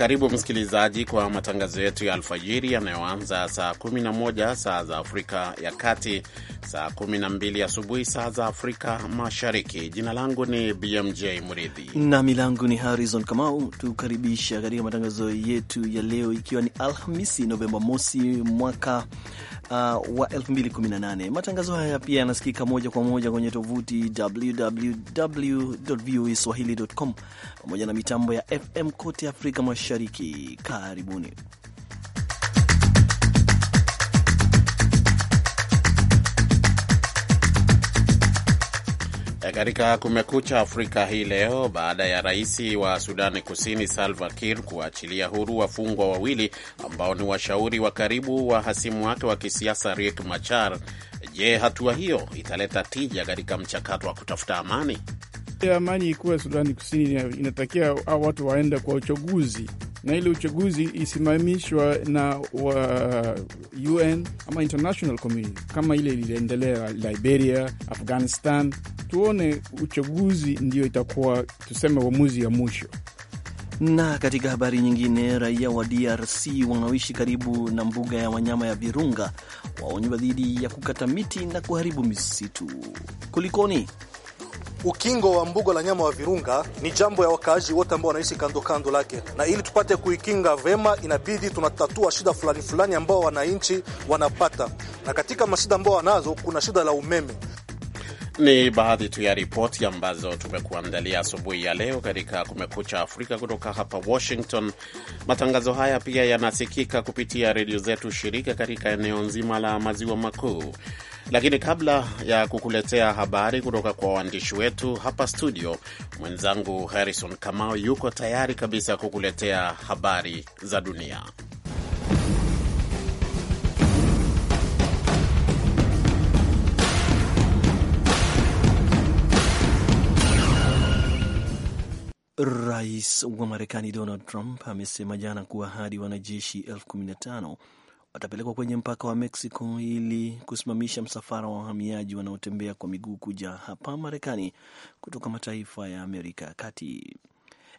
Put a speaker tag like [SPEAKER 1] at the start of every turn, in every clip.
[SPEAKER 1] Karibu msikilizaji kwa matangazo yetu ya alfajiri yanayoanza saa 11 saa za Afrika ya Kati, saa 12 asubuhi saa za Afrika Mashariki. Jina langu ni BMJ Mridhi
[SPEAKER 2] na langu ni Harrison Kamau. Tukaribisha katika matangazo yetu ya leo, ikiwa ni Alhamisi Novemba mosi mwaka uh, wa 2018. Matangazo haya pia yanasikika moja kwa moja kwenye tovuti www.voaswahili.com pamoja na mitambo ya FM kote Afrika Mashariki. Karibuni.
[SPEAKER 1] Katika Kumekucha Afrika hii leo, baada ya rais wa Sudani Kusini Salva Kiir kuachilia huru wafungwa wawili ambao ni washauri wa karibu wa hasimu wake wa kisiasa Riek Machar, je, hatua hiyo italeta tija katika mchakato wa kutafuta amani?
[SPEAKER 3] amani ikuwa Sudani Kusini inatakia au watu waenda kwa uchaguzi na ile uchaguzi isimamishwa na wa UN ama international community kama ile iliendelea Liberia, Afghanistan. Tuone uchaguzi ndio itakuwa tuseme uamuzi ya mwisho.
[SPEAKER 2] Na katika habari nyingine, raia wa DRC wanaoishi karibu na mbuga ya wanyama ya Virunga waonywa dhidi ya kukata miti na kuharibu misitu. Kulikoni? ukingo wa mbuga la nyama wa Virunga ni jambo ya wakaaji wote ambao wanaishi kando kando lake, na ili tupate kuikinga vema, inabidi tunatatua shida fulani fulani ambao wananchi wanapata, na katika mashida ambao wanazo kuna shida la umeme.
[SPEAKER 1] Ni baadhi tu ya ripoti ambazo tumekuandalia asubuhi ya leo katika Kumekucha Afrika kutoka hapa Washington. Matangazo haya pia yanasikika kupitia redio zetu shirika katika eneo nzima la maziwa makuu. Lakini kabla ya kukuletea habari kutoka kwa waandishi wetu hapa studio, mwenzangu Harrison Kamau yuko tayari kabisa kukuletea habari za dunia.
[SPEAKER 2] Rais wa Marekani Donald Trump amesema jana kuwa hadi wanajeshi elfu kumi na tano watapelekwa kwenye mpaka wa Mexico ili kusimamisha msafara wa wahamiaji wanaotembea kwa miguu kuja hapa Marekani kutoka mataifa ya Amerika ya Kati.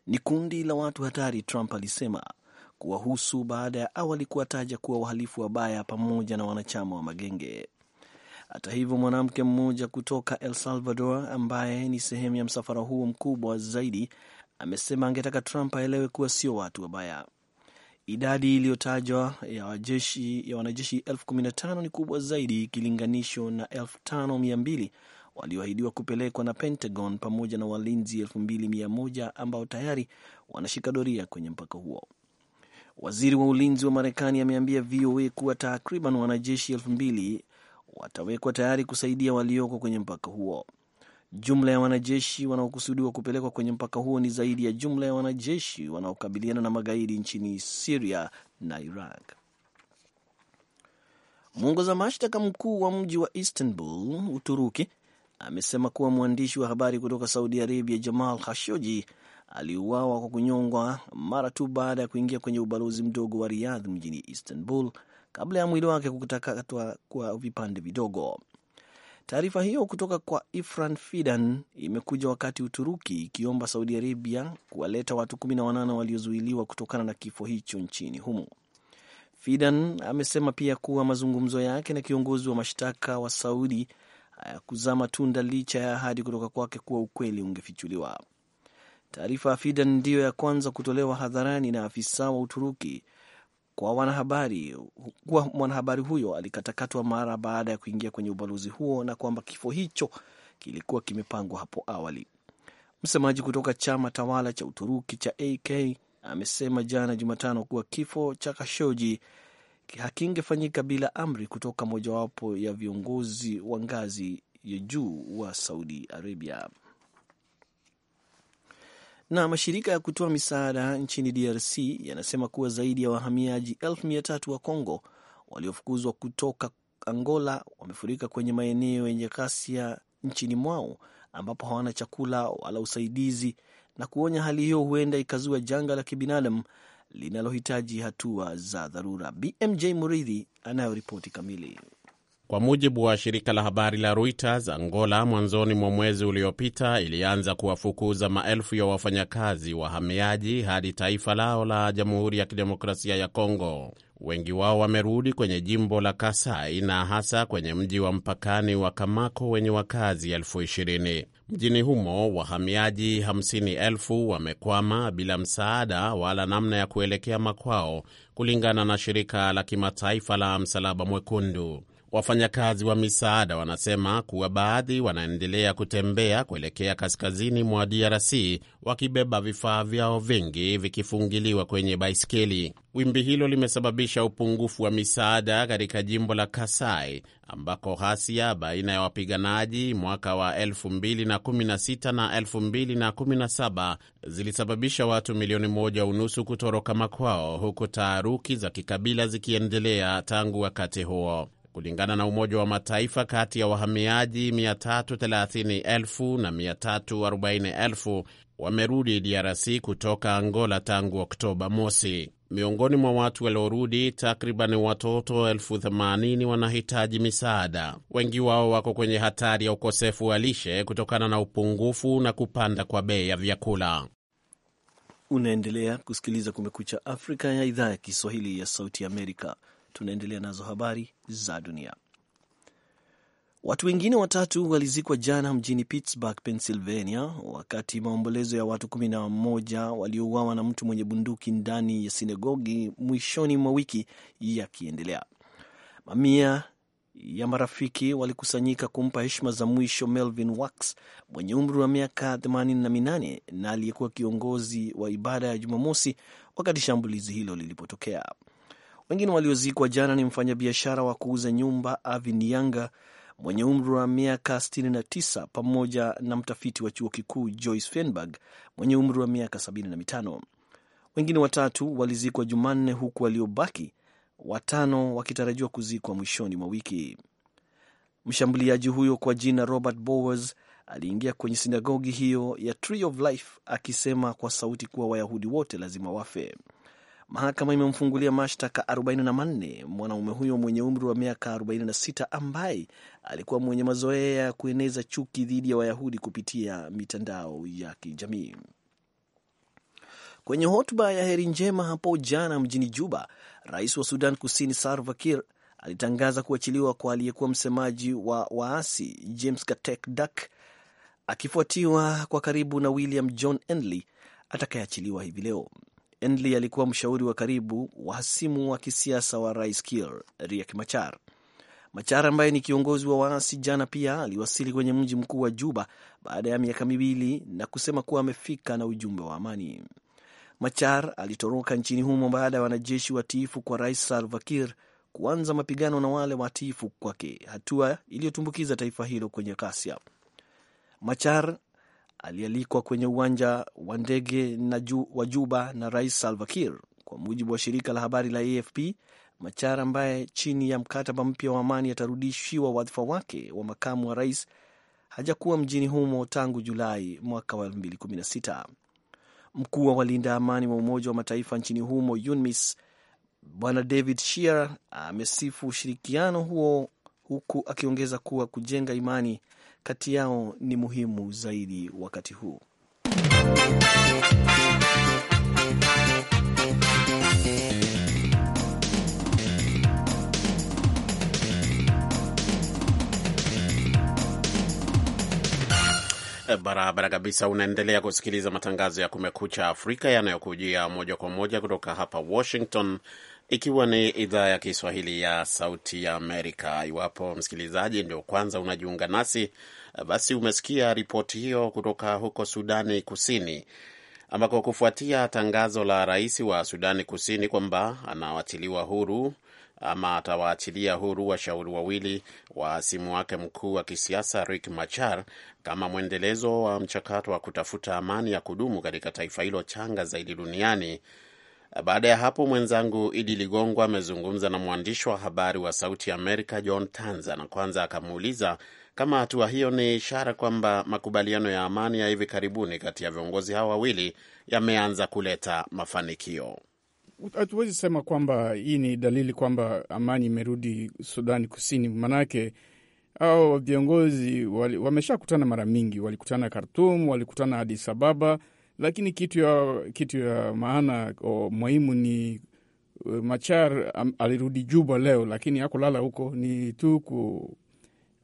[SPEAKER 2] Ni kundi la watu hatari, Trump alisema kuwahusu baada ya awali kuwataja kuwa wahalifu wabaya pamoja na wanachama wa magenge. Hata hivyo, mwanamke mmoja kutoka El Salvador ambaye ni sehemu ya msafara huo mkubwa zaidi amesema angetaka Trump aelewe kuwa sio watu wabaya. Idadi iliyotajwa ya wanajeshi ya wanajeshi elfu kumi na tano ni kubwa zaidi ikilinganishwa na elfu tano mia mbili walioahidiwa kupelekwa na Pentagon pamoja na walinzi elfu mbili mia moja ambao tayari wanashika doria kwenye mpaka huo. Waziri wa ulinzi wa Marekani ameambia VOA kuwa takriban wanajeshi elfu mbili watawekwa tayari kusaidia walioko kwenye mpaka huo. Jumla ya wanajeshi wanaokusudiwa kupelekwa kwenye mpaka huo ni zaidi ya jumla ya wanajeshi wanaokabiliana na magaidi nchini Siria na Iraq. Mwongoza mashtaka mkuu wa mji wa Istanbul, Uturuki, amesema kuwa mwandishi wa habari kutoka Saudi Arabia Jamal Khashoggi aliuawa kwa kunyongwa mara tu baada ya kuingia kwenye ubalozi mdogo wa Riyadh mjini Istanbul kabla ya mwili wake kukatakatwa kwa vipande vidogo. Taarifa hiyo kutoka kwa Ifran Fidan imekuja wakati Uturuki ikiomba Saudi Arabia kuwaleta watu 18 waliozuiliwa kutokana na kifo hicho nchini humo. Fidan amesema pia kuwa mazungumzo yake na kiongozi wa mashtaka wa Saudi hayakuzaa matunda licha ya ahadi kutoka kwake kuwa ukweli ungefichuliwa. Taarifa ya Fidan ndiyo ya kwanza kutolewa hadharani na afisa wa Uturuki kwa wanahabari kuwa mwanahabari huyo alikatakatwa mara baada ya kuingia kwenye ubalozi huo na kwamba kifo hicho kilikuwa kimepangwa hapo awali. Msemaji kutoka chama tawala cha Uturuki cha AK amesema jana Jumatano kuwa kifo cha Kashoji hakingefanyika bila amri kutoka mojawapo ya viongozi wa ngazi ya juu wa Saudi Arabia. Na mashirika ya kutoa misaada nchini DRC yanasema kuwa zaidi ya wahamiaji elfu mia tatu wa Congo waliofukuzwa kutoka Angola wamefurika kwenye maeneo yenye ghasia nchini mwao ambapo hawana chakula wala usaidizi, na kuonya hali hiyo huenda ikazua janga la kibinadamu linalohitaji hatua za dharura. BMJ Muridhi anayo ripoti kamili.
[SPEAKER 1] Kwa mujibu wa shirika la habari la Reuters, Angola mwanzoni mwa mwezi uliopita ilianza kuwafukuza maelfu ya wafanyakazi wahamiaji hadi taifa lao la Jamhuri ya Kidemokrasia ya Kongo. Wengi wao wamerudi kwenye jimbo la Kasai na hasa kwenye mji wa mpakani wa Kamako wenye wakazi elfu ishirini. Mjini humo wahamiaji hamsini elfu wamekwama bila msaada wala namna ya kuelekea makwao, kulingana na shirika la kimataifa la Msalaba Mwekundu. Wafanyakazi wa misaada wanasema kuwa baadhi wanaendelea kutembea kuelekea kaskazini mwa DRC wakibeba vifaa vyao vingi vikifungiliwa kwenye baiskeli. Wimbi hilo limesababisha upungufu wa misaada katika jimbo la Kasai ambako ghasia baina ya wapiganaji mwaka wa 2016 na 2017 zilisababisha watu milioni moja unusu kutoroka makwao, huku taaruki za kikabila zikiendelea tangu wakati huo kulingana na Umoja wa Mataifa, kati ya wahamiaji 330,000 na 340,000 wamerudi DRC kutoka Angola tangu Oktoba mosi. Miongoni mwa watu waliorudi, takriban watoto 80 wanahitaji misaada. Wengi wao wako kwenye hatari ya ukosefu wa lishe kutokana na upungufu na kupanda kwa bei ya vyakula.
[SPEAKER 2] Unaendelea kusikiliza Kumekucha Afrika ya idhaa ya Kiswahili ya Sauti Amerika. Tunaendelea nazo habari za dunia. Watu wengine watatu walizikwa jana mjini Pittsburgh, Pennsylvania, wakati maombolezo ya watu kumi na mmoja waliouawa na mtu mwenye bunduki ndani ya sinagogi mwishoni mwa wiki yakiendelea. Mamia ya marafiki walikusanyika kumpa heshima za mwisho Melvin Wax mwenye umri wa miaka 88 na aliyekuwa kiongozi wa ibada ya Jumamosi wakati shambulizi hilo lilipotokea. Wengine waliozikwa jana ni mfanyabiashara wa kuuza nyumba Avin Yanga mwenye umri wa miaka 69 pamoja na mtafiti wa chuo kikuu Joyce fenberg mwenye umri wa miaka 75. Wengine watatu walizikwa Jumanne, huku waliobaki watano wakitarajiwa kuzikwa mwishoni mwa wiki. Mshambuliaji huyo kwa jina Robert Bowers aliingia kwenye sinagogi hiyo ya Tree of Life akisema kwa sauti kuwa Wayahudi wote lazima wafe mahakama imemfungulia mashtaka 44 mwanaume huyo mwenye umri wa miaka 46 ambaye alikuwa mwenye mazoea ya kueneza chuki dhidi ya Wayahudi kupitia mitandao ya kijamii. Kwenye hotuba ya heri njema hapo jana mjini Juba, rais wa Sudan Kusini Salva Kiir alitangaza kuachiliwa kwa aliyekuwa msemaji wa waasi James Gatek Dak, akifuatiwa kwa karibu na William John Enly atakayeachiliwa hivi leo. Endley alikuwa mshauri wa karibu wa hasimu wa kisiasa wa rais Kiir, Riek Machar. Machar ambaye ni kiongozi wa waasi, jana pia aliwasili kwenye mji mkuu wa Juba baada ya miaka miwili na kusema kuwa amefika na ujumbe wa amani. Machar alitoroka nchini humo baada ya wanajeshi watiifu kwa rais Salva Kiir kuanza mapigano na wale watiifu kwake, hatua iliyotumbukiza taifa hilo kwenye ghasia. Machar alialikwa kwenye uwanja wa ndege wa Juba na Rais Salva Kiir, kwa mujibu wa shirika la habari la AFP. Machar ambaye chini ya mkataba mpya wa amani atarudishiwa wadhifa wake wa makamu wa rais hajakuwa mjini humo tangu Julai mwaka wa 2016. Mkuu wa walinda amani wa Umoja wa Mataifa nchini humo UNMISS Bwana David Shearer amesifu ushirikiano huo huku akiongeza kuwa kujenga imani kati yao ni muhimu zaidi wakati huu.
[SPEAKER 1] Eh, barabara kabisa. Unaendelea kusikiliza matangazo ya Kumekucha Afrika yanayokujia moja kwa moja kutoka hapa Washington, ikiwa ni idhaa ya Kiswahili ya Sauti ya Amerika. Iwapo msikilizaji ndio kwanza unajiunga nasi, basi umesikia ripoti hiyo kutoka huko Sudani Kusini, ambako kufuatia tangazo la rais wa Sudani Kusini kwamba anawachiliwa huru ama atawaachilia huru washauri wawili wa simu wake mkuu wa kisiasa rik Machar kama mwendelezo wa mchakato wa kutafuta amani ya kudumu katika taifa hilo changa zaidi duniani baada ya hapo, mwenzangu Idi Ligongwa amezungumza na mwandishi wa habari wa Sauti ya Amerika John Tanza, na kwanza akamuuliza kama hatua hiyo ni ishara kwamba makubaliano ya amani ya hivi karibuni kati ya viongozi hawa wawili yameanza kuleta mafanikio.
[SPEAKER 3] Hatuwezi sema kwamba hii ni dalili kwamba amani imerudi Sudani Kusini, manake au viongozi wameshakutana mara mingi, walikutana Khartum, walikutana Adis Ababa lakini kitu ya, kitu ya maana muhimu ni e, Machar alirudi Juba leo, lakini akulala huko, ni tu ku,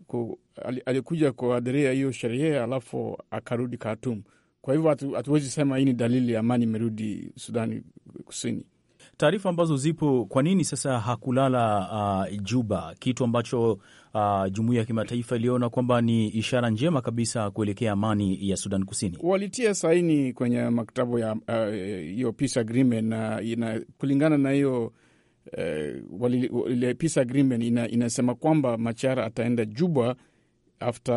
[SPEAKER 3] ku, alikuja kuadhiria hiyo sherehe alafu akarudi Khartoum. Kwa hivyo hatuwezi sema hii ni dalili ya amani imerudi Sudani Kusini taarifa ambazo zipo, kwa nini sasa
[SPEAKER 4] hakulala uh, Juba, kitu ambacho uh, jumuiya ya kimataifa iliona kwamba ni ishara njema kabisa kuelekea amani ya Sudan Kusini.
[SPEAKER 3] Walitia saini kwenye maktabu ya uh, hiyo uh, peace agreement na ina, kulingana na hiyo uh, ile peace agreement ina, inasema kwamba Machara ataenda Juba after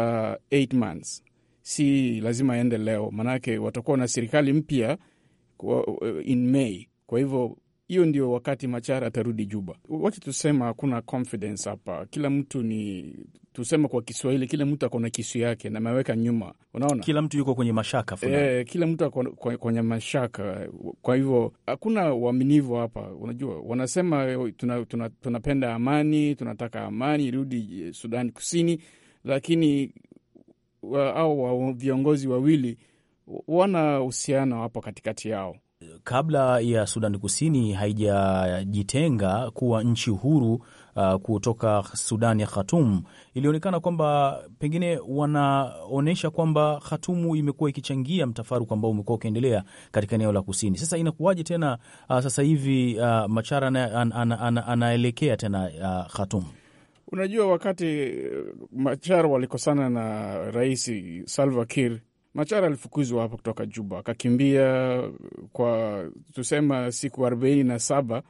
[SPEAKER 3] 8 months, si lazima aende leo, maanake watakuwa na serikali mpya uh, in May. Kwa hivyo hiyo ndio wakati Machar atarudi Juba. Wacha tusema hakuna confidence hapa, kila mtu ni tusema kwa Kiswahili, kila mtu akona kisu yake na ameweka nyuma, unaona, kila mtu yuko kwenye mashaka e, kila mtu kwenye mashaka. Kwa hivyo hakuna uaminivu hapa. Unajua, wanasema tunapenda tuna, tuna amani, tunataka amani irudi eh, Sudani Kusini, lakini au viongozi wawili wana uhusiano hapo katikati yao
[SPEAKER 4] kabla ya Sudan Kusini haijajitenga kuwa nchi huru uh, kutoka Sudan ya Khatum, ilionekana kwamba pengine wanaonyesha kwamba khatumu imekuwa ikichangia mtafaruku ambao umekuwa ukiendelea katika eneo la kusini. Sasa inakuwaje tena uh, sasa hivi uh, Machara an, an, an, anaelekea tena uh, Khatum?
[SPEAKER 3] Unajua, wakati uh, Machar walikosana na Rais Salva Kiir Machara alifukuzwa hapo kutoka Juba, akakimbia kwa tusema siku arobaini na saba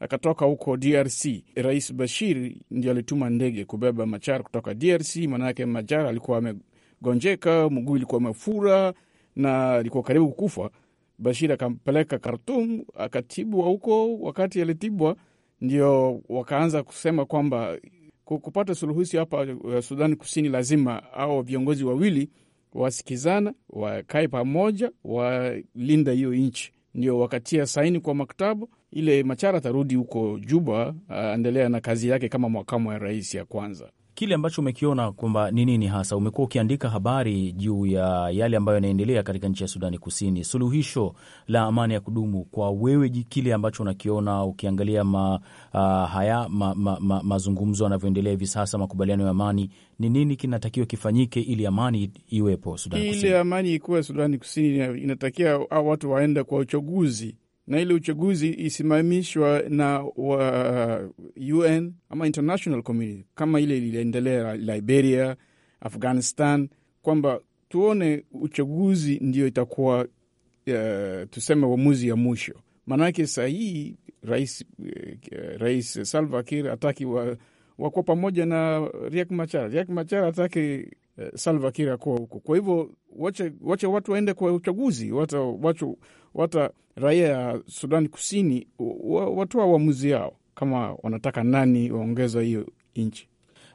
[SPEAKER 3] akatoka huko DRC. Rais Bashir ndio alituma ndege kubeba Machar kutoka DRC, maanake Machar alikuwa amegonjeka, mguu ilikuwa amefura na alikuwa karibu kukufa. Bashir akampeleka Khartum akatibwa huko. Wakati alitibwa, ndio wakaanza kusema kwamba kupata suluhusi hapa eh, Sudani Kusini lazima au viongozi wawili wasikizana, wakae pamoja, walinda hiyo nchi. Ndio wakatia saini kwa maktabu ile. Machara atarudi huko Juba, aendelea na kazi yake kama makamu ya rais ya kwanza
[SPEAKER 4] kile ambacho umekiona kwamba ni nini hasa? Umekuwa ukiandika habari juu ya yale ambayo yanaendelea katika nchi ya Sudani Kusini, suluhisho la amani ya kudumu kwa wewe, kile ambacho unakiona ukiangalia ma, uh, haya ma, ma, ma, mazungumzo yanavyoendelea hivi sasa, makubaliano ya amani, ni nini kinatakiwa kifanyike ili amani iwepo Sudani Kusini?
[SPEAKER 3] Ili amani ikuwe Sudani Kusini inatakiwa au watu waende kwa uchaguzi na ile uchaguzi isimamishwa na wa UN ama international community, kama ile iliendelea Liberia, Afghanistan, kwamba tuone uchaguzi ndio itakuwa uh, tuseme uamuzi ya mwisho. Maanake sahii rais, uh, rais Salva Kiir ataki wa, wakuwa pamoja na Riek Machar. Riek Machar ataki uh, eh, Salva Kiir akuwa huko. Kwa hivyo wache, wache watu waende kwa uchaguzi wacho hata raia ya Sudan Kusini watoa uamuzi yao kama wanataka nani waongeza hiyo nchi.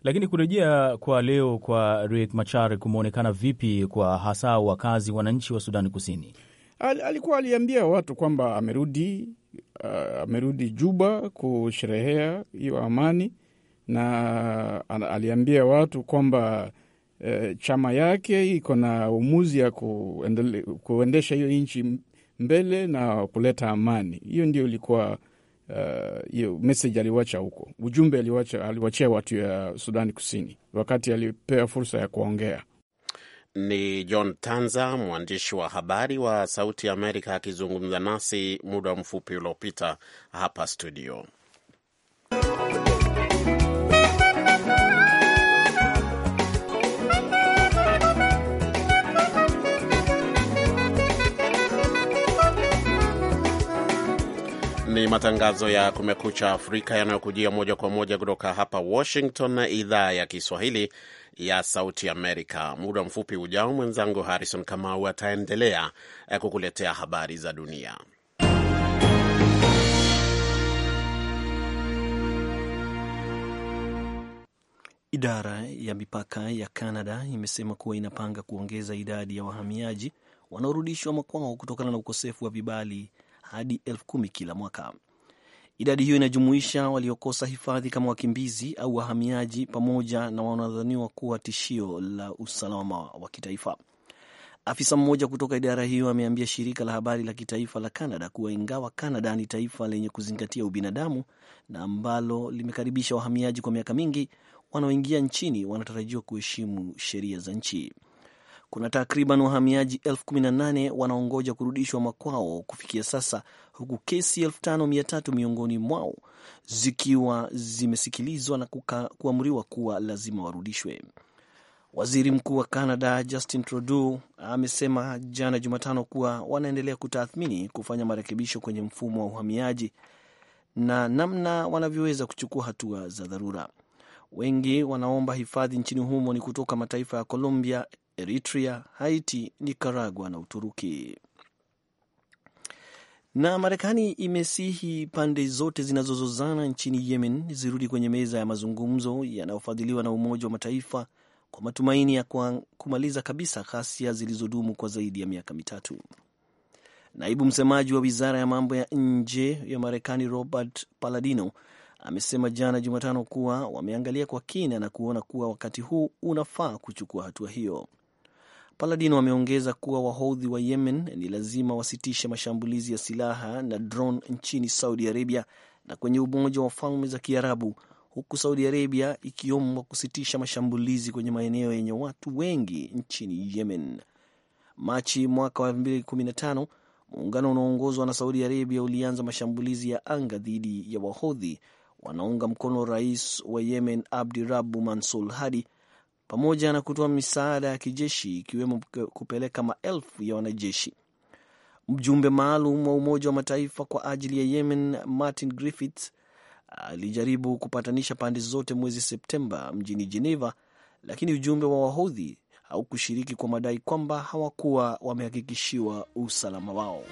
[SPEAKER 4] Lakini kurejea kwa leo kwa Riek Machar kumeonekana vipi kwa hasa wakazi wananchi wa sudani Kusini?
[SPEAKER 3] Al, alikuwa aliambia watu kwamba amerudi, uh, amerudi Juba kusherehea hiyo amani na aliambia watu kwamba uh, chama yake iko na umuzi ya kuendele, kuendesha hiyo nchi mbele na kuleta amani. Hiyo ndio ilikuwa uh, hiyo uh, message aliwacha huko, ujumbe aliwachia watu ya Sudani Kusini wakati alipewa fursa ya
[SPEAKER 1] kuongea. Ni John Tanza, mwandishi wa habari wa Sauti ya Amerika, akizungumza nasi muda mfupi uliopita hapa studio. ni matangazo ya Kumekucha Afrika yanayokujia moja kwa moja kutoka hapa Washington na idhaa ya Kiswahili ya Sauti Amerika. Muda mfupi ujao, mwenzangu Harrison Kamau ataendelea eh, kukuletea habari za dunia.
[SPEAKER 2] Idara ya mipaka ya Canada imesema kuwa inapanga kuongeza idadi ya wahamiaji wanaorudishwa makwao kutokana na ukosefu wa vibali hadi elfu kumi kila mwaka. Idadi hiyo inajumuisha waliokosa hifadhi kama wakimbizi au wahamiaji pamoja na wanaodhaniwa kuwa tishio la usalama wa kitaifa. Afisa mmoja kutoka idara hiyo ameambia shirika la habari la kitaifa la Canada kuwa ingawa Canada ni taifa lenye kuzingatia ubinadamu na ambalo limekaribisha wahamiaji kwa miaka mingi, wanaoingia nchini wanatarajiwa kuheshimu sheria za nchi. Kuna takriban wahamiaji 18 wanaongoja kurudishwa makwao kufikia sasa, huku kesi elfu miongoni mwao zikiwa zimesikilizwa na kuamriwa kuwa lazima warudishwe. Waziri Mkuu wa Canada Justin Trudeau amesema jana Jumatano kuwa wanaendelea kutathmini kufanya marekebisho kwenye mfumo wa uhamiaji na namna wanavyoweza kuchukua hatua za dharura. Wengi wanaomba hifadhi nchini humo ni kutoka mataifa ya Colombia, Eritrea, Haiti, Nicaragua na Uturuki. Na Marekani imesihi pande zote zinazozozana nchini Yemen zirudi kwenye meza ya mazungumzo yanayofadhiliwa na Umoja wa Mataifa kwa matumaini ya kumaliza kabisa ghasia zilizodumu kwa zaidi ya miaka mitatu. Naibu msemaji wa wizara ya mambo ya nje ya Marekani Robert Paladino amesema jana Jumatano kuwa wameangalia kwa kina na kuona kuwa wakati huu unafaa kuchukua hatua hiyo. Paladino ameongeza kuwa wahodhi wa Yemen ni lazima wasitishe mashambulizi ya silaha na drone nchini Saudi Arabia na kwenye Umoja wa Falme za Kiarabu, huku Saudi Arabia ikiombwa kusitisha mashambulizi kwenye maeneo yenye watu wengi nchini Yemen. Machi mwaka wa 2015 muungano unaoongozwa na Saudi Arabia ulianza mashambulizi ya anga dhidi ya wahodhi wanaunga mkono rais wa Yemen Abdi Rabu Mansur Hadi pamoja na kutoa misaada ya kijeshi ikiwemo kupeleka maelfu ya wanajeshi. Mjumbe maalum wa Umoja wa Mataifa kwa ajili ya Yemen, Martin Griffiths, alijaribu kupatanisha pande zote mwezi Septemba mjini Geneva, lakini ujumbe wa Wahodhi haukushiriki kwa madai kwamba hawakuwa wamehakikishiwa usalama wao.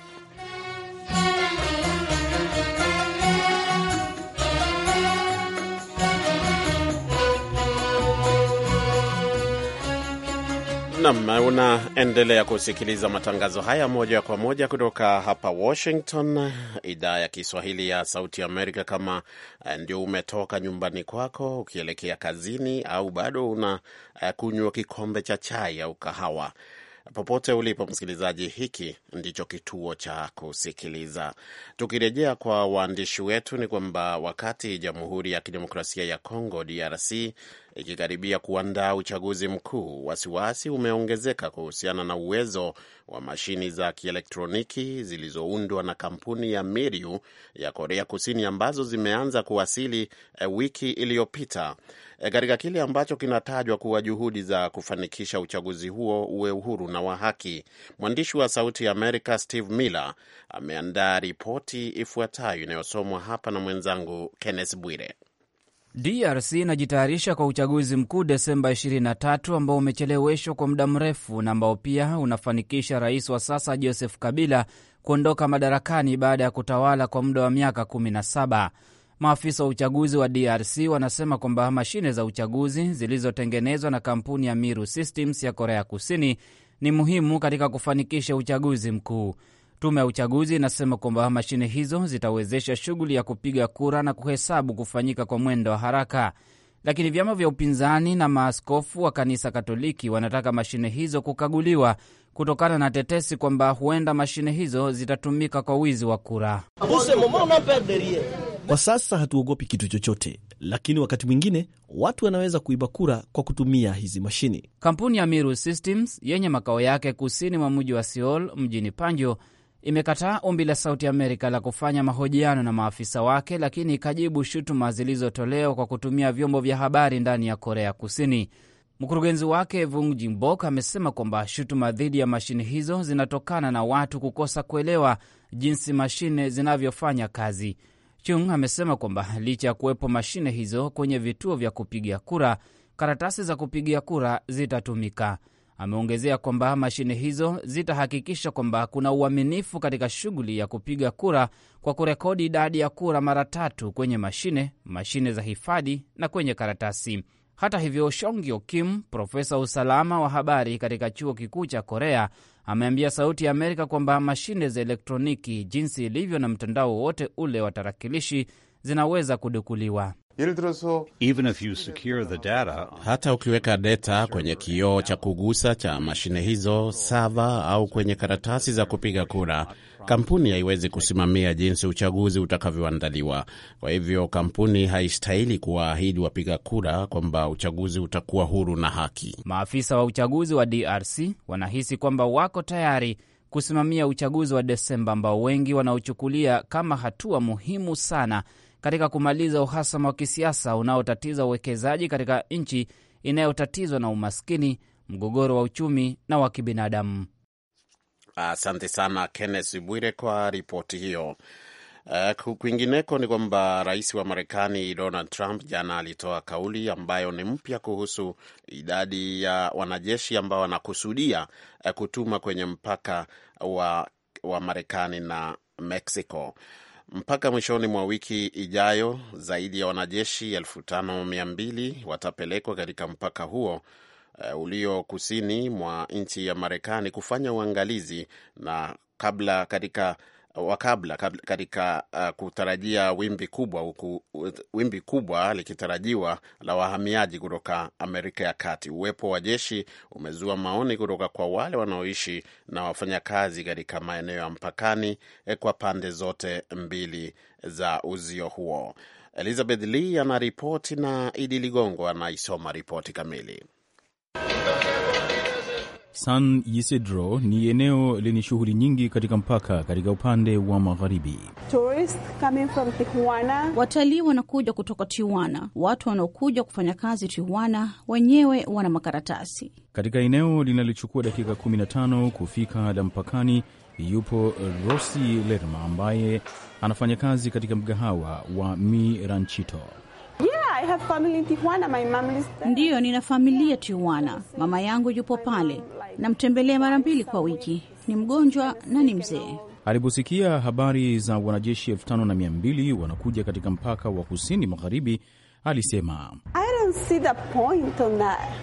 [SPEAKER 1] Nam, unaendelea kusikiliza matangazo haya moja kwa moja kutoka hapa Washington, idhaa ya Kiswahili ya Sauti Amerika. Kama eh, ndio umetoka nyumbani kwako ukielekea kazini, au bado una eh, kunywa kikombe cha chai au kahawa, popote ulipo msikilizaji, hiki ndicho kituo cha kusikiliza. Tukirejea kwa waandishi wetu, ni kwamba wakati Jamhuri ya Kidemokrasia ya Kongo DRC ikikaribia kuandaa uchaguzi mkuu, wasiwasi umeongezeka kuhusiana na uwezo wa mashini za kielektroniki zilizoundwa na kampuni ya Miriu ya Korea Kusini ambazo zimeanza kuwasili eh, wiki iliyopita eh, katika kile ambacho kinatajwa kuwa juhudi za kufanikisha uchaguzi huo uwe uhuru na wa haki. Mwandishi wa Sauti ya Amerika Steve Miller ameandaa ripoti ifuatayo inayosomwa hapa na mwenzangu Kenneth Bwire.
[SPEAKER 5] DRC inajitayarisha kwa uchaguzi mkuu Desemba 23 ambao umecheleweshwa kwa muda mrefu na ambao pia unafanikisha rais wa sasa Joseph Kabila kuondoka madarakani baada ya kutawala kwa muda wa miaka 17. Maafisa wa uchaguzi wa DRC wanasema kwamba mashine za uchaguzi zilizotengenezwa na kampuni ya Miru Systems ya Korea Kusini ni muhimu katika kufanikisha uchaguzi mkuu. Tume ya uchaguzi inasema kwamba mashine hizo zitawezesha shughuli ya kupiga kura na kuhesabu kufanyika kwa mwendo wa haraka, lakini vyama vya upinzani na maaskofu wa kanisa Katoliki wanataka mashine hizo kukaguliwa kutokana na tetesi kwamba huenda mashine hizo
[SPEAKER 2] zitatumika kwa wizi wa kura. Kwa sasa hatuogopi kitu chochote, lakini wakati mwingine watu wanaweza kuiba kura kwa kutumia hizi mashine. Kampuni
[SPEAKER 5] ya Miru Systems yenye makao yake kusini mwa mji wa Seoul mjini Panjo imekataa ombi la Sauti Amerika la kufanya mahojiano na maafisa wake, lakini ikajibu shutuma zilizotolewa kwa kutumia vyombo vya habari ndani ya Korea Kusini. Mkurugenzi wake Vung Jimbok amesema kwamba shutuma dhidi ya mashine hizo zinatokana na watu kukosa kuelewa jinsi mashine zinavyofanya kazi. Chung amesema kwamba licha ya kuwepo mashine hizo kwenye vituo vya kupiga kura, karatasi za kupigia kura zitatumika. Ameongezea kwamba mashine hizo zitahakikisha kwamba kuna uaminifu katika shughuli ya kupiga kura kwa kurekodi idadi ya kura mara tatu kwenye mashine, mashine za hifadhi na kwenye karatasi. Hata hivyo, Shongyo Kim, profesa wa usalama wa habari katika chuo kikuu cha Korea, ameambia Sauti ya Amerika kwamba mashine za elektroniki jinsi ilivyo na mtandao wowote ule wa tarakilishi zinaweza kudukuliwa.
[SPEAKER 1] Even if
[SPEAKER 6] you secure the data,
[SPEAKER 1] hata ukiweka data kwenye kioo cha kugusa cha mashine hizo, sava au kwenye karatasi za kupiga kura, kampuni haiwezi kusimamia jinsi uchaguzi utakavyoandaliwa. Kwa hivyo kampuni haistahili kuwaahidi wapiga kura kwamba uchaguzi utakuwa huru na haki. Maafisa wa
[SPEAKER 5] uchaguzi wa DRC wanahisi kwamba wako tayari kusimamia uchaguzi wa Desemba ambao wengi wanaochukulia kama hatua muhimu sana katika kumaliza uhasama wa kisiasa unaotatiza uwekezaji katika nchi inayotatizwa na umaskini, mgogoro wa uchumi na wa kibinadamu.
[SPEAKER 1] Asante sana Kenneth Bwire kwa ripoti hiyo. Uh, kwingineko ni kwamba rais wa Marekani Donald Trump jana alitoa kauli ambayo ni mpya kuhusu idadi ya wanajeshi ambao wanakusudia eh, kutuma kwenye mpaka wa, wa Marekani na Mexico. Mpaka mwishoni mwa wiki ijayo, zaidi ya wanajeshi elfu tano mia mbili watapelekwa katika mpaka huo uh, ulio kusini mwa nchi ya Marekani kufanya uangalizi na kabla katika wa kabla katika uh, kutarajia wimbi kubwa uku, wimbi kubwa likitarajiwa la wahamiaji kutoka Amerika ya Kati. Uwepo wa jeshi umezua maoni kutoka kwa wale wanaoishi na wafanyakazi katika maeneo ya mpakani eh, kwa pande zote mbili za uzio huo. Elizabeth Lee anaripoti na Idi Ligongo anaisoma ripoti kamili.
[SPEAKER 4] San Ysidro ni eneo lenye shughuli nyingi katika mpaka katika upande wa magharibi.
[SPEAKER 5] Watalii wanakuja kutoka Tijuana, watu wanaokuja kufanya kazi Tijuana wenyewe wana makaratasi.
[SPEAKER 4] Katika eneo linalochukua dakika 15 kufika la mpakani, yupo Rosi Lerma ambaye anafanya kazi katika mgahawa wa Mi Ranchito.
[SPEAKER 5] Ndiyo, nina familia Tijuana. Mama yangu yupo pale, Namtembelea mara mbili kwa wiki. Ni mgonjwa na ni mzee.
[SPEAKER 4] Aliposikia habari za wanajeshi elfu tano na mia mbili wanakuja katika mpaka wa kusini magharibi, alisema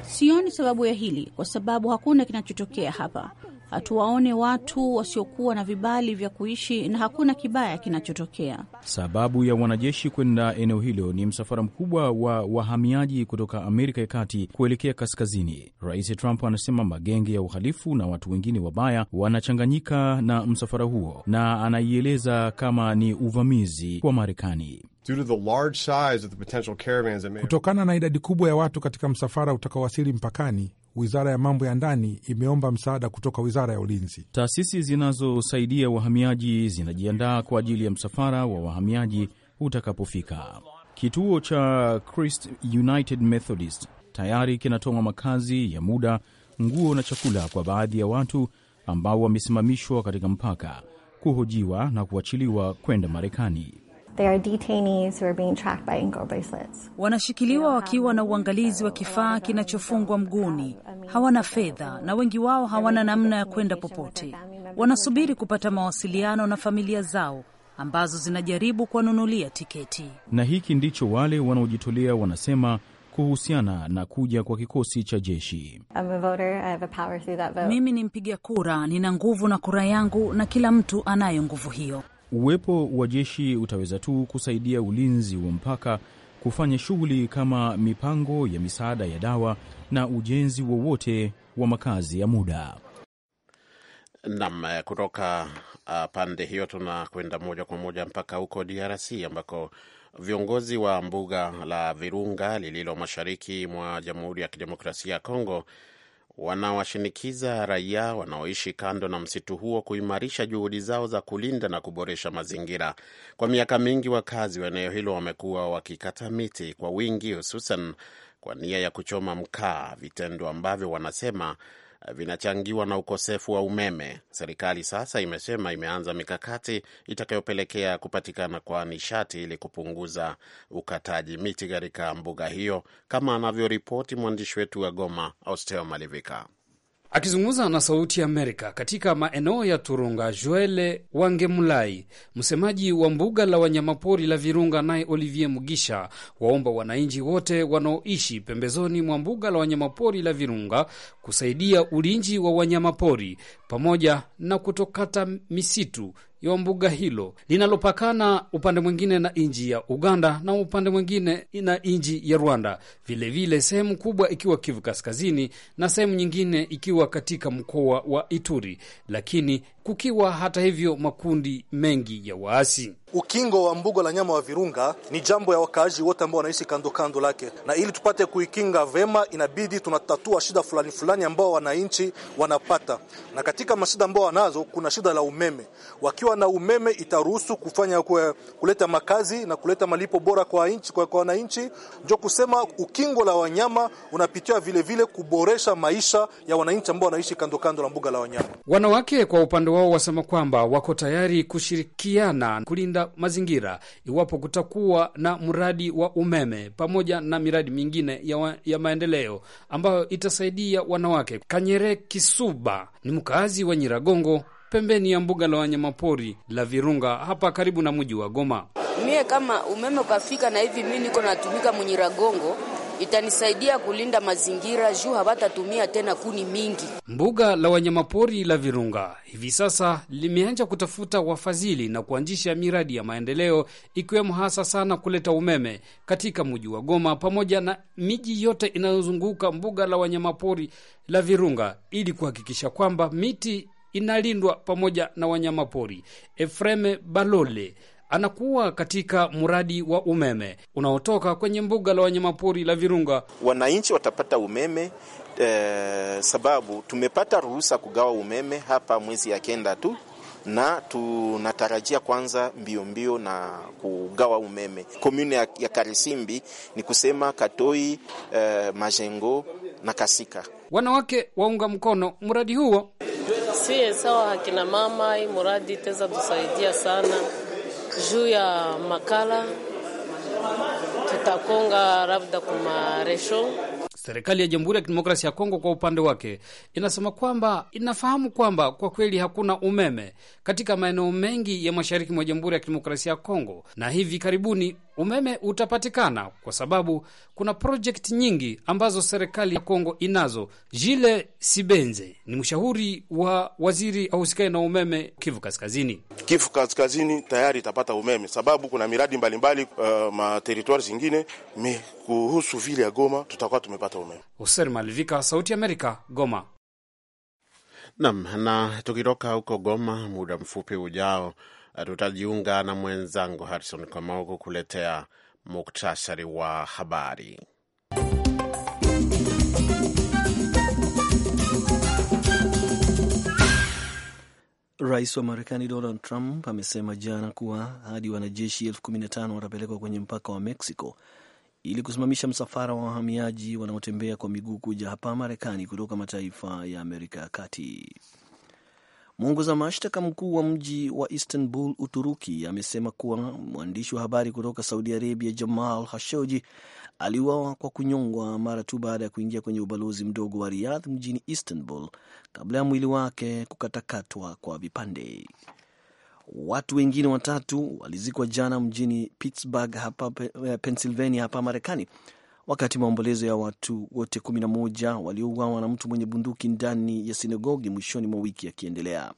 [SPEAKER 5] sioni sababu ya hili, kwa sababu hakuna kinachotokea hapa hatuwaone watu wasiokuwa na vibali vya kuishi na hakuna kibaya kinachotokea.
[SPEAKER 4] Sababu ya wanajeshi kwenda eneo hilo ni msafara mkubwa wa wahamiaji kutoka Amerika ya Kati kuelekea kaskazini. Rais Trump anasema magenge ya uhalifu na watu wengine wabaya wanachanganyika na msafara huo, na anaieleza kama ni uvamizi wa Marekani. Due to
[SPEAKER 5] the large size of the
[SPEAKER 4] potential caravans that may... Kutokana na idadi kubwa ya watu katika msafara utakaowasili mpakani, Wizara ya mambo ya ndani imeomba msaada kutoka wizara ya ulinzi. Taasisi zinazosaidia wahamiaji zinajiandaa kwa ajili ya msafara wa wahamiaji utakapofika. Kituo cha Christ United Methodist tayari kinatoa makazi ya muda, nguo na chakula kwa baadhi ya watu ambao wamesimamishwa katika mpaka, kuhojiwa na kuachiliwa kwenda Marekani.
[SPEAKER 2] They are detainees who are being tracked by ankle bracelets.
[SPEAKER 5] Wanashikiliwa wakiwa na uangalizi wa kifaa kinachofungwa mguuni. Hawana fedha na wengi wao hawana namna ya kwenda popote. Wanasubiri kupata mawasiliano na familia zao ambazo zinajaribu kuwanunulia tiketi.
[SPEAKER 4] Na hiki ndicho wale wanaojitolea wanasema kuhusiana na kuja kwa kikosi cha jeshi.
[SPEAKER 5] Mimi ni mpiga kura, nina nguvu na kura yangu, na kila mtu anayo
[SPEAKER 4] nguvu hiyo. Uwepo wa jeshi utaweza tu kusaidia ulinzi wa mpaka, kufanya shughuli kama mipango ya misaada ya dawa na ujenzi wowote wa, wa makazi ya muda.
[SPEAKER 1] Nam, eh, kutoka uh, pande hiyo tunakwenda moja kwa moja mpaka huko DRC ambako viongozi wa mbuga la Virunga lililo mashariki mwa Jamhuri ya Kidemokrasia ya Kongo wanawashinikiza raia wanaoishi kando na msitu huo kuimarisha juhudi zao za kulinda na kuboresha mazingira. Kwa miaka mingi, wakazi wa eneo hilo wamekuwa wakikata miti kwa wingi, hususan kwa nia ya kuchoma mkaa, vitendo ambavyo wanasema vinachangiwa na ukosefu wa umeme. Serikali sasa imesema imeanza mikakati itakayopelekea kupatikana kwa nishati ili kupunguza ukataji miti katika mbuga hiyo, kama anavyoripoti mwandishi wetu wa Goma, Austeo Malivika.
[SPEAKER 6] Akizungumza na Sauti ya Amerika katika maeneo ya Turunga, Joele Wangemulai, msemaji wa mbuga la wanyamapori la Virunga, naye Olivier Mugisha, waomba wananchi wote wanaoishi pembezoni mwa mbuga la wanyamapori la Virunga kusaidia ulinzi wa wanyamapori pamoja na kutokata misitu ya mbuga hilo linalopakana upande mwingine na nchi ya Uganda na upande mwingine na nchi ya Rwanda, vilevile sehemu kubwa ikiwa Kivu Kaskazini na sehemu nyingine ikiwa katika mkoa wa Ituri, lakini kukiwa hata hivyo makundi mengi ya waasi.
[SPEAKER 2] Ukingo wa mbuga la nyama wa Virunga ni jambo ya wakaaji wote ambao wanaishi kando kando lake, na ili tupate kuikinga vema, inabidi tunatatua shida fulani fulani ambao wananchi wanapata, na katika mashida ambao wanazo, kuna shida la umeme. Wakiwa na umeme itaruhusu kufanya kwe, kuleta makazi na kuleta malipo bora kwa inchi, kwa wananchi. Ndio kusema ukingo la wanyama unapitia vile vile kuboresha maisha ya wananchi ambao wanaishi kando kando la mbuga la wanyama.
[SPEAKER 6] Wanawake kwa upande wao wasema kwamba wako tayari kushirikiana kulinda kulinda mazingira iwapo kutakuwa na mradi wa umeme pamoja na miradi mingine ya, wa, ya maendeleo ambayo itasaidia wanawake. Kanyere Kisuba ni mkaazi wa Nyiragongo pembeni ya mbuga la wanyamapori la Virunga hapa karibu na mji wa Goma.
[SPEAKER 5] Mie kama umeme ukafika na hivi mi niko natumika Munyiragongo itanisaidia kulinda mazingira juu hawatatumia tena kuni
[SPEAKER 6] mingi. Mbuga la wanyamapori la Virunga hivi sasa limeanza kutafuta wafadhili na kuanzisha miradi ya maendeleo, ikiwemo hasa sana kuleta umeme katika mji wa Goma pamoja na miji yote inayozunguka mbuga la wanyamapori la Virunga ili kuhakikisha kwamba miti inalindwa pamoja na wanyamapori. Efreme Balole anakuwa katika mradi wa umeme unaotoka kwenye mbuga la wanyamapori la Virunga.
[SPEAKER 1] Wananchi watapata umeme eh, sababu tumepata ruhusa kugawa umeme hapa mwezi ya kenda tu na tunatarajia kwanza mbio mbio na kugawa umeme komune ya Karisimbi, ni kusema Katoi, eh, Majengo na Kasika. Wanawake
[SPEAKER 6] waunga mkono mradi huo.
[SPEAKER 5] Sie sawa, akina mama, hii mradi itaweza tusaidia sana juu ya makala tutakonga labda maresho
[SPEAKER 6] Serikali ya Jamhuri ya Kidemokrasia ya Kongo kwa upande wake inasema kwamba inafahamu kwamba kwa kweli hakuna umeme katika maeneo mengi ya mashariki mwa Jamhuri ya Kidemokrasia ya Kongo, na hivi karibuni umeme utapatikana kwa sababu kuna projekti nyingi ambazo serikali ya Kongo inazo. Jile Sibenze ni mshauri wa waziri ahusikaye na umeme Kivu Kaskazini.
[SPEAKER 1] Kivu Kaskazini tayari itapata umeme sababu kuna miradi mbalimbali mbali, uh, materitoire zingine me kuhusu vile ya Goma tutakuwa tumepata umeme.
[SPEAKER 6] Hoser Malivika, Sauti ya Amerika, Goma.
[SPEAKER 1] Nam, na tukitoka huko Goma, muda mfupi ujao Eh, tutajiunga na mwenzangu Harrison Kamau kukuletea muktasari wa habari.
[SPEAKER 2] Rais wa Marekani Donald Trump amesema jana kuwa hadi wanajeshi elfu kumi na tano watapelekwa kwenye mpaka wa Mexico ili kusimamisha msafara wa wahamiaji wanaotembea kwa miguu kuja hapa Marekani kutoka mataifa ya Amerika ya Kati. Mwongoza mashtaka mkuu wa mji wa Istanbul, Uturuki, amesema kuwa mwandishi wa habari kutoka Saudi Arabia Jamal Khashoggi aliuawa kwa kunyongwa mara tu baada ya kuingia kwenye ubalozi mdogo wa Riyadh mjini Istanbul kabla ya mwili wake kukatakatwa kwa vipande. Watu wengine watatu walizikwa jana mjini Pittsburgh hapa eh, Pennsylvania hapa Marekani wakati maombolezo ya watu wote 11 waliouawa na mtu mwenye bunduki ndani ya sinagogi mwishoni mwa wiki yakiendelea.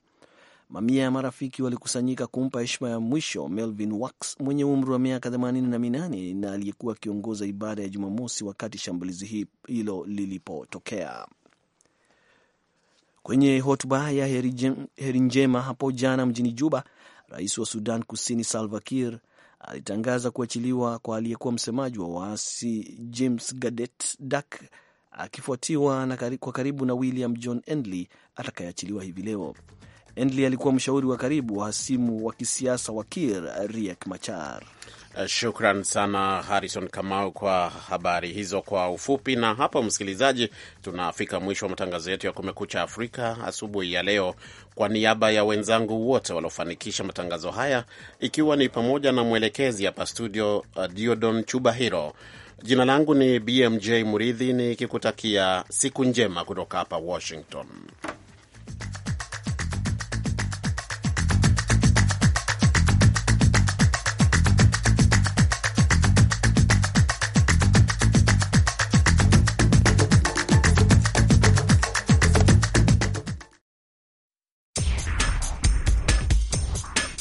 [SPEAKER 2] Mamia ya marafiki walikusanyika kumpa heshima ya mwisho Melvin Wax mwenye umri wa miaka 88 na aliyekuwa akiongoza ibada ya Jumamosi wakati shambulizi hilo lilipotokea. Kwenye hotuba ya heri njema hapo jana mjini Juba, rais wa Sudan Kusini Salva Kiir alitangaza kuachiliwa kwa aliyekuwa msemaji wa waasi James Gadet Dak, akifuatiwa kwa karibu na William John Endley atakayeachiliwa hivi leo. Endley alikuwa mshauri wa karibu wa hasimu wa kisiasa wa Kir Riek Machar.
[SPEAKER 1] Eh, shukran sana Harrison Kamau kwa habari hizo kwa ufupi. Na hapo, msikilizaji, tunafika mwisho wa matangazo yetu ya Kumekucha Afrika asubuhi ya leo. Kwa niaba ya wenzangu wote waliofanikisha matangazo haya, ikiwa ni pamoja na mwelekezi hapa studio uh, Diodon Chubahiro, jina langu ni BMJ Muridhi nikikutakia siku njema kutoka hapa Washington.